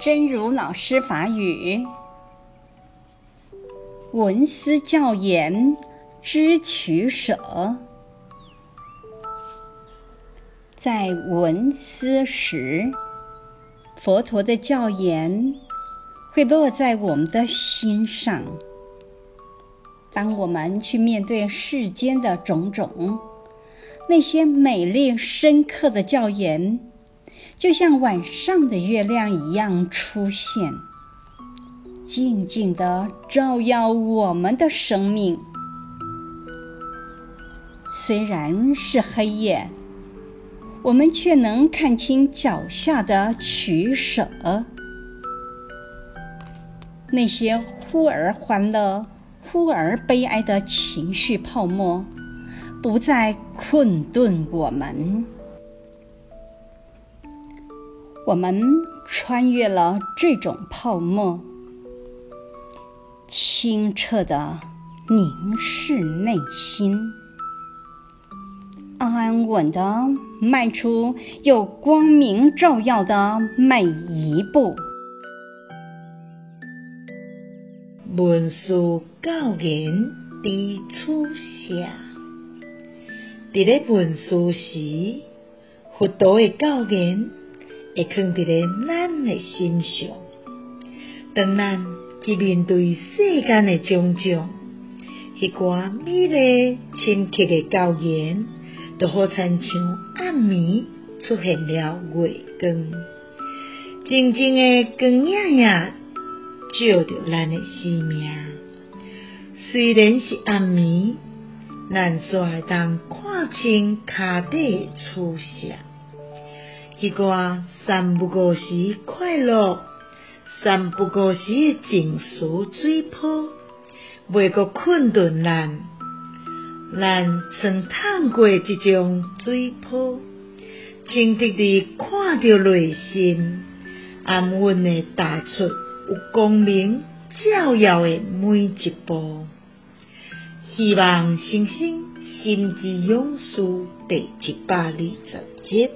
真如老師法語，聞思教言知取捨，在聞思時，佛陀的教言會落在我們的心上。當我們去面對世間的種種，那些美麗深刻的教言，就像晚上的月亮一樣出現，靜靜地照耀我們的生命。雖然是黑夜，我們卻能看清腳下的取捨。那些忽而歡樂、忽而悲哀的情緒泡沫，不再困頓我們。我們穿越了這種泡沫，清澈地凝視內心，安穩地邁出有光明照耀的每一步。聞思教言知取捨。在聞思時，佛陀的教言。會藏佇咧咱誒心上，當咱去面對世間誒種種，迄寡美麗親切誒教言，就好親像暗暝出現了月光，靜靜誒光影影照着咱誒生命。雖然是暗暝，咱煞會通看清骹底取捨。一個三不五時快樂，三不五時的情緒水泡，未個困頓咱，咱曾趟過這種水泡，清澈地看着內心，安穩地踏出有光明照耀的每一步。希望新生心之勇士第一百二十集。